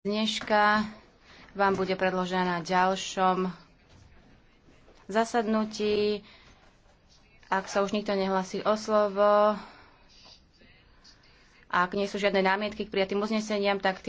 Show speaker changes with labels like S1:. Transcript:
S1: dneška vám bude predložená na ďalšom zasadnutí. Ak sa už nikto nehlasí o slovo, ak nie sú žiadne námietky k prijatým uzneseniam, tak